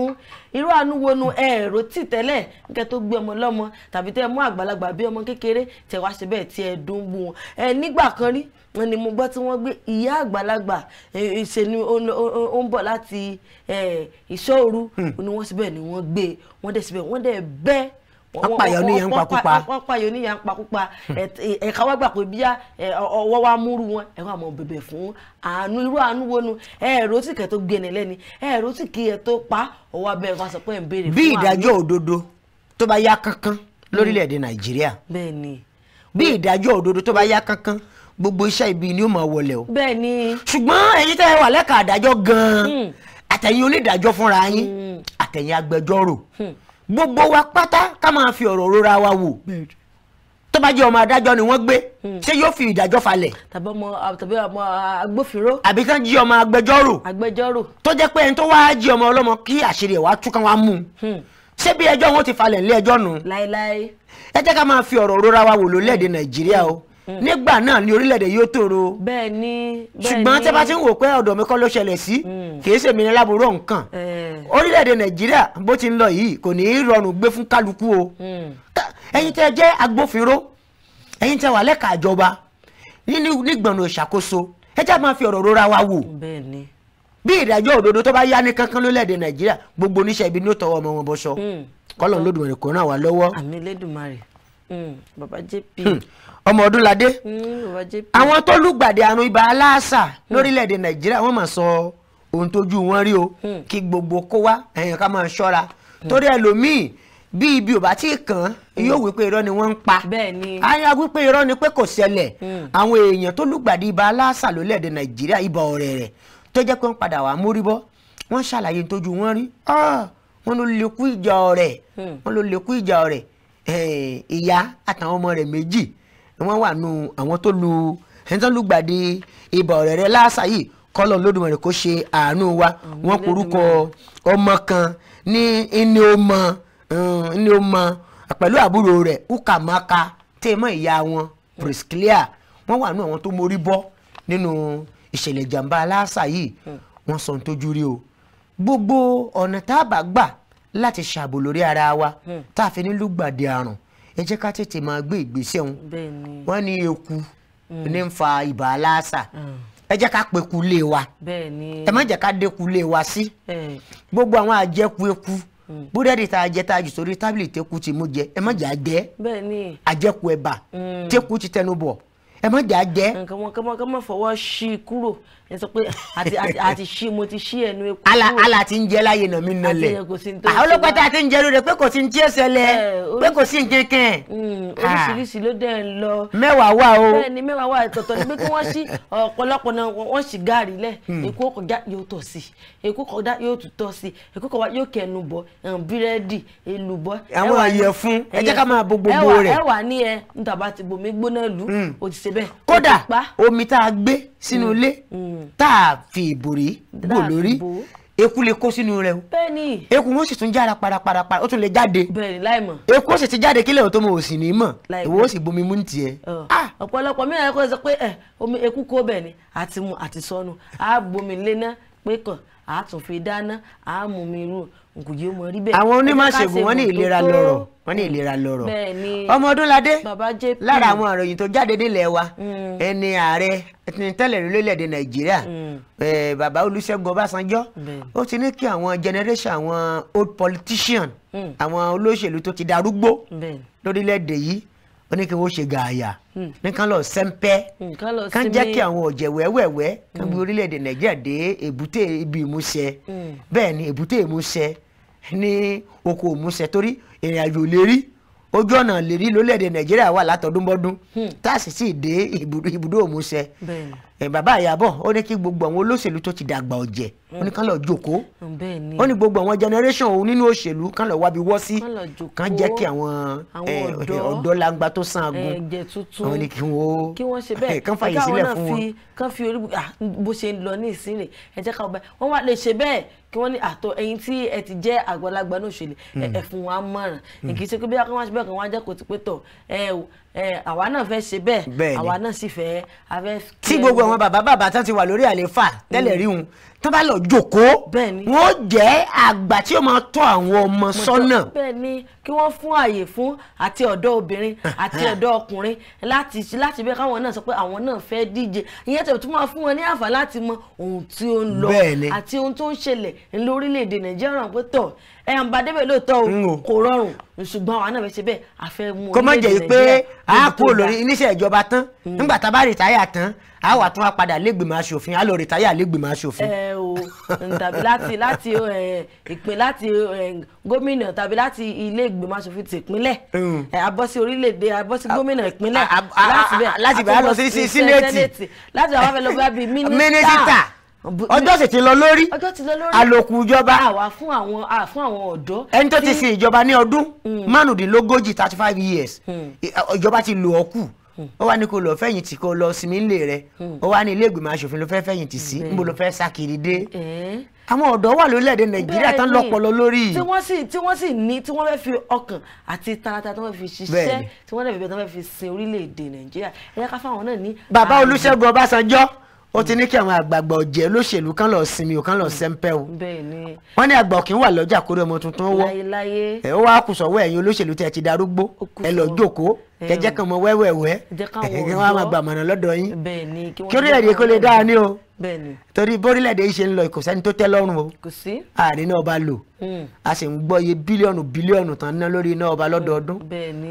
irú àánú wo nu ẹ̀rọ tì tẹ́lẹ̀ kẹ́ tó gbé ọmọ lọ́mọ tàbí tẹ́ mú àgbàlagbà bí ọmọ kékeré tẹ́ wá ṣe bẹ́ẹ̀ tí ẹ dùn bù wọn ẹ nígbà kan rí wọn ni mo gbọ́ tí wọ́n gbé ìyá àgbàlagbà ṣe ni ó ń bọ̀ láti ìṣọ́ òru hmm. ni wọ́n síbẹ̀ ni wọ́n gbé wọ́n dẹ̀ síbẹ̀ wọ́n dẹ̀ bẹ́ẹ̀ wọ́n pààyàn níyà ń pakúpa wọ́n pààyàn níyà ń pakúpa ẹ̀ka wá gbà pé bíyà ọwọ́ wa múrú wọn ẹ wà mọ̀ bẹ̀bẹ̀ fún àánú irú àánú wo nu ẹ̀rọ tí kẹ̀ tó gbẹ̀nẹ̀ lẹ́ni ẹ̀rọ tí kì í ẹ̀ pa ọwọ́ wa sọ pé ẹ̀ ń béèrè fún àánú. bí ìdájọ́ òdodo tó bá yá kankan lórílẹ̀‐èdè hmm. nàìjíríà bí ìdájọ́ òdodo tó bá yá kankan gbogbo iṣẹ́ ibi ni ó máa wọlé o. bẹ́ẹ̀ni. ṣùgbọ́n ẹ̀yin tẹ́ ẹ wà lẹ́ka gan-an hmm. àtẹ̀yin onídàájọ́ fúnra yín hmm. àtẹ̀yin agbẹjọ́rò. Hmm gbogbo wa pátá ká máa fi ọ̀rọ̀ rora wa wò tó bá jẹ́ ọmọ adájọ́ ni wọ́n gbé hmm. ṣé yóò fi ìdájọ́ falẹ̀. tàbí ọmọ tàbí ọmọ agbófinró. àbí tán jí ọmọ agbẹjọ́rò. agbẹjọ́rò. tó jẹ́ pé ẹni tó wá jí ọmọ ọlọ́mọ kí àṣírí ẹ̀ wá tú kán wá mú un. Hmm. ṣé bí ẹjọ́ wọn ti falẹ̀ nílé ẹjọ́ nù. láéláé. ẹ jẹ́ ká máa fi ọ̀rọ̀ rora wa wò lólẹ́ẹ̀dẹ̀ nàìjíríà o. Hmm. Hmm. nígbà náà ni orílẹ̀-èdè yóò tòrò. bẹ́ẹ̀ ni bẹ́ẹ̀ ni ṣùgbọ́n tẹ́ bá ti ń wò pé ọ̀dọ̀ mi kọ́ ló ṣẹlẹ̀ sí hmm. kì í ṣèmi ní láboró nǹkan eh. orílẹ̀-èdè nàìjíríà bó ti ń lọ yìí kò ní í rọrùn gbé fún kálukú o hmm. ẹ̀yin tẹ́ jẹ́ agbófinró ẹ̀yin tẹ́ wà lẹ́ka ìjọba nígbọ̀nà ìṣàkóso ẹ já máa fi ọ̀rọ̀ rora wa wò bí ìdájọ́ òdodo tó bá yá ní kankan lólẹ̀-èdè nàìjíríà gbogbo oníṣẹ́ ibi ní ó tọwọ́ ọmọ wọn bọ́ sọ kọ́lọ̀ lódùmarè kò ràn wá lọ́wọ́. àmì lẹ́dùnmarè bàbá jp ọmọ ọdúnladé hmm, àwọn tó lùgbàdì àrùn ibà aláàṣà lórílẹ̀‐èdè nàìjíríà wọ́n máa sọ ohun tójú wọn rí o hmm. kí gbogbo kó wá ẹ̀yàn ká máa ṣọ́ra hmm. torí ẹlòmíì bí ibi ò bá tí ì kàn yóò wí pé irọ́ ni wọ́n ń pa àyà wí pé irọ́ ni pé kò ṣẹlẹ̀ àwọn èèyàn tó lùgbàdì ibà aláàṣà lórílẹ̀‐èdè nàìjíríà ibà ọ̀rẹ́ rẹ̀ tó jẹ́ pé wọ́n padà wà mórí bọ́ wọ́n ṣàlàyé tójú wọn rí ah, wọ́n ló lè ìjà ọ̀rẹ́ wọ́n ló lè ìjà ọ̀rẹ́ ìyá àtàwọn ọmọ rẹ̀ méjì wọ́n wà nù àwọn tó lu ẹni tó lùgbàdì ibà ọ̀rẹ́ rẹ láàṣà yìí kọ́lọ̀ lódùmarè kó ṣe àánú wa wọ́n porúkọ ọmọ kan ní ní ọmọ eh, ní ọmọ pẹ̀lú àbúrò rẹ̀ ukamaka tèmọ́ ìyá wọn Priscilla wọ́n wà nù àwọn tó mórí bọ́ nínú ìṣẹ̀lẹ̀ ìjàmbá aláṣà yìí hmm. wọ́n sọ tójú rí o gbogbo ọ̀nà tá a bá gbà láti ṣààbò lórí ara wa hmm. tá a fi ní lùgbàdì àrùn ẹ jẹ́ ká tètè máa gbé ìgbésẹ̀ wọn wọ́n ní eku mm. ní ń fa ibà aláàsà mm. ẹ jẹ́ ká peku lé wa ẹ má jẹ́ ká déku lé wa sí eh. gbogbo àwọn àjẹkù eku mm. búrẹ́dì tá a jẹ tá a jù sórí tábìlì tẹ́kù ti mú jẹ ẹ má jẹ́ àjẹ́ àjẹkù ẹ̀bà tẹ́kù ti tẹnu bọ̀ ẹ má jẹ́ àjẹ́. nǹkan wọn kọ́ mọ́ fọwọ́ sí i kúrò ẹ sọ pé àti ṣí mo ti ṣí ẹnu epo. ala ti ń jẹ láyé nà mí nà lẹ ọlọpàá tá a ti ń jẹ lóde pé kò sí ní tí ẹsẹ lẹ eh, pé kò sí ní kékeré. Hmm, ah. oríṣiríṣi ló dẹ̀ ń lọ. mẹ́wàá wà o. bẹ́ẹ̀ni mẹ́wàá wà tọ̀tọ̀ ni pé kí wọ́n ṣí ọ̀pọ̀lọpọ̀ náà wọ́n ṣì gaari lẹ̀ èkó hmm. kọjá yóò tọ̀ sí èkó kọjá yóò tún tọ̀ sí èkó kọjá yóò kẹnu bọ̀ bírẹ́dì èlùbọ́. àwọn àyẹ̀fun ẹ sínú mm. ilé mm. tá a fi ìbòrí bò lórí eku lè kó sínú rẹ o bẹ́ẹ̀ni eku wọn sì tún jára paraparapara ó tún lè jáde eku sì ti jáde kílẹ̀ tó mọ̀ ò sì ní mọ̀ ìwọ sì bomi mú ní tiẹ̀. Ah! ọ̀pọ̀lọpọ̀ mìíràn ẹ̀kọ́ sọ pé eh, omi eku kó bẹ́ẹ̀ ni àti mu àti sọnù á bomi léná pé kàn á tún fi dáná á mú mi rú nkùjì ó mọ rí bẹ́ẹ̀. àwọn onímọ̀ṣègùn wọ́n ní ìlera lọ́rọ̀ wọ́n ní ìlera lọ́rọ̀ ọmọ Ọdúnládé lára àwọn àròyìn tó jáde nílẹ̀ wa hmm. ẹni ààrẹ tẹ́lẹ̀ rí lórílẹ̀‐èdè Nàìjíríà hmm. bàbá Olúṣẹ́gun Ọbásanjọ́ ó ti ní kí àwọn generation àwọn old politician hmm. àwọn olóṣèlú tó ti darúgbó lórílẹ̀‐èdè yìí ó ní kí wọ́n ṣe gààyà ní kán lọ sẹ́ńpẹ́ kán jẹ́ kí àwọn ọ̀jẹ̀ wẹ́wẹ́wẹ́ kán gbé orílẹ̀-èdè Nàìjíríà dé èbúté ibi ìmúṣẹ bẹ́ẹ̀ ni èbúté ìmúṣẹ ní oko òmùsẹ̀ torí ìrìn àjò lè rí ojú ọ̀nà lè rí lólẹ́ẹ̀dẹ̀ nàìjíríà wà látọdúnbọ́dún hmm. tá a sì sì dé ibùdó òmùsẹ̀ bàbá àyàbọ̀ ó ní kí gbogbo àwọn olóṣèlú tó ti dàgbà ọ̀jẹ̀ ó ní kán lọ jókòó hmm, ó ní gbogbo àwọn generation òun nínú òṣèlú kán lọ wábi wọ́ sí kán jẹ́ kí àwọn ọ̀dọ́ langba tó san agun àwọn ni kí wọ́n *laughs* kán fàyè sílẹ̀ fún wọn. kán fi orí bó ṣe ń lọ ní ìsinmi ẹ jẹ́ ká wọ́n wá lè ṣe bẹ́ẹ̀ kí wọ́n ní àtọ ẹ̀yin tí ẹ ti jẹ́ àgbàlagbà náà ṣẹlẹ̀ hmm. ẹ fún wa mọ̀ràn èkì hmm. bí akọ́wáṣẹ́ bẹ́ẹ̀ kan wá jẹ́ kó ti pé tọ̀ ẹ àwa náà fẹ́ ṣe bẹ́ẹ̀ àwa náà sì fẹ́ abẹ́. tí gbogbo àwọn bàbá bàbá tán ti wà lórí àlééfà tẹ́lẹ̀ rí wọn tán bá lọ jókòó wọn jẹ́ àgbà tí ó máa tọ́ àwọn ọmọ sọ́nà. bẹ́ẹ̀ ni kí wọ́n fún àyè fún àti ọ̀dọ́ obìnrin *laughs* àti ọ̀dọ́ ọkùnrin láti láti bẹ́ẹ̀ káwọn náà sọ pé àwọn náà fẹ́ díje ìyẹn tó tún máa fún wọn ní àǹfààní láti mọ ohun tí ó ń lọ àti ohun tó ń ṣẹlẹ̀ lórílẹ̀‐èdè nàìjíríà pé tọ̀ ẹ̀yàn bá débẹ̀ lóòótọ́ o kò rọrùn ṣùgbọ́n àwọn náà ṣe bẹ́ẹ̀ a fẹ́ mú orílẹ̀-èdè kó pé a kú olórí iléeṣẹ́ ìjọba tán hmm. nígbà tá a bá rìtáyà tán a wà tún wá padà lẹ́gbìmọ̀ aṣòfin a lọ rìtáyà lẹ́gbìmọ̀ aṣòfin. ẹ o tàbí láti láti eh, ìpín láti eh, gómìnà tàbí láti ilé ìgbìmọ̀ aṣòfin ti ìpínlẹ̀ hmm. eh, abọ́ sí orílẹ̀-èdè abọ́ sí gómìnà ìpínlẹ̀ láti bẹ̀rẹ̀ lọ sí sínéètì láti bẹ̀rẹ̀ lọ bí *laughs* mínísítà ọjọ́ sì ti lọ lórí àlòkù ìjọba àwa fún àwọn fún àwọn ọ̀dọ́. ẹni tó ti sin ìjọba ní ọdún hmm. márùndínlógójì thirty five years hmm. ìjọba ti lò ọ́ kù hmm. ó wá ní kó lọ fẹ̀yìntì kó lọ sinmi ńlẹ̀ rẹ̀ ó wá ní ilé ìgbìmọ̀ asòfin ló fẹ́ fẹ̀yìntì sí níbo ló fẹ́ sá kiri dé àwọn ọ̀dọ́ wà lórílẹ̀‐èdè nàìjíríà tán lọ́pọlọ lórí. tí wọ́n sì tí wọ́n sì ní tí wọ́n fẹ́ fi ọkàn àti tarata tí wọ́n fi ṣiṣẹ́ tí wọ́n dẹ̀ fi bẹ́ẹ̀ tí wọ́n fẹ́ fi sin orílẹ̀‐èdè nàìjíríà ẹ̀yà ká fáwọn náà ní. bàbá olúṣẹ́gun ọbásanjọ́ ó ti ní kí àwọn àgbààgbà ọ̀jẹ̀ olóṣèlú kan lọ sinmi ò kan lọ sẹ́ńpẹ́ o wọ́n ní àgbà ọ̀kìn wà lọ́jà kórè ọmọ tuntun wọ́ ẹ ó wá kùsọ̀wọ́ ẹ̀yin olóṣèlú tẹ̀ ti darúgbó ẹ lọ jókòó kẹjẹ kan mọ wẹ́wẹ́wẹ́ ẹ̀kẹ́ wọn á máa gbà mọ̀nà lọ́dọ̀ yín kí orílẹ̀-èdè kó lè dáa ní o torí bórílẹ̀-èdè yìí ṣe ń lọ kò sẹ́ni tó tẹ́ lọ́rùn o ààrẹ náà bá lò hmm. a sì ń gbọ́ iye bílíọ̀nù bílíọ̀nù tán ná lórí iná ọba lọ́dọọdún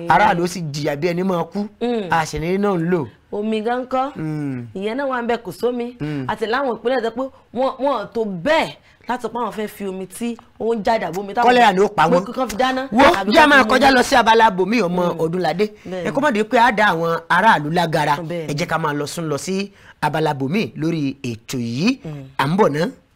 aráàlú sì jìyà bí ẹni máa kú hmm. a sì ní iná ń lò omi gan kọ́ mm. ìyẹn náà wà ń bẹ kò sómi mm. àti láwọn ìpínlẹ̀ tó pé wọ́n tó bẹ́ẹ̀ láti pa àwọn fẹ́ fi omi tí ó ń jáde àbomi táwọn kọ́lẹ́rà ni ó pa wọ́n wo jẹ́ àmọ́ kọjá lọ sí abala bòmí ọmọ mm. ọdúnládé ẹ kọ́ mọ̀dé pé á dá àwọn aráàlú lágara ẹ jẹ́ ká máa lọ sún lọ sí abala bòmí lórí ètò yìí à ń bọ̀ náà.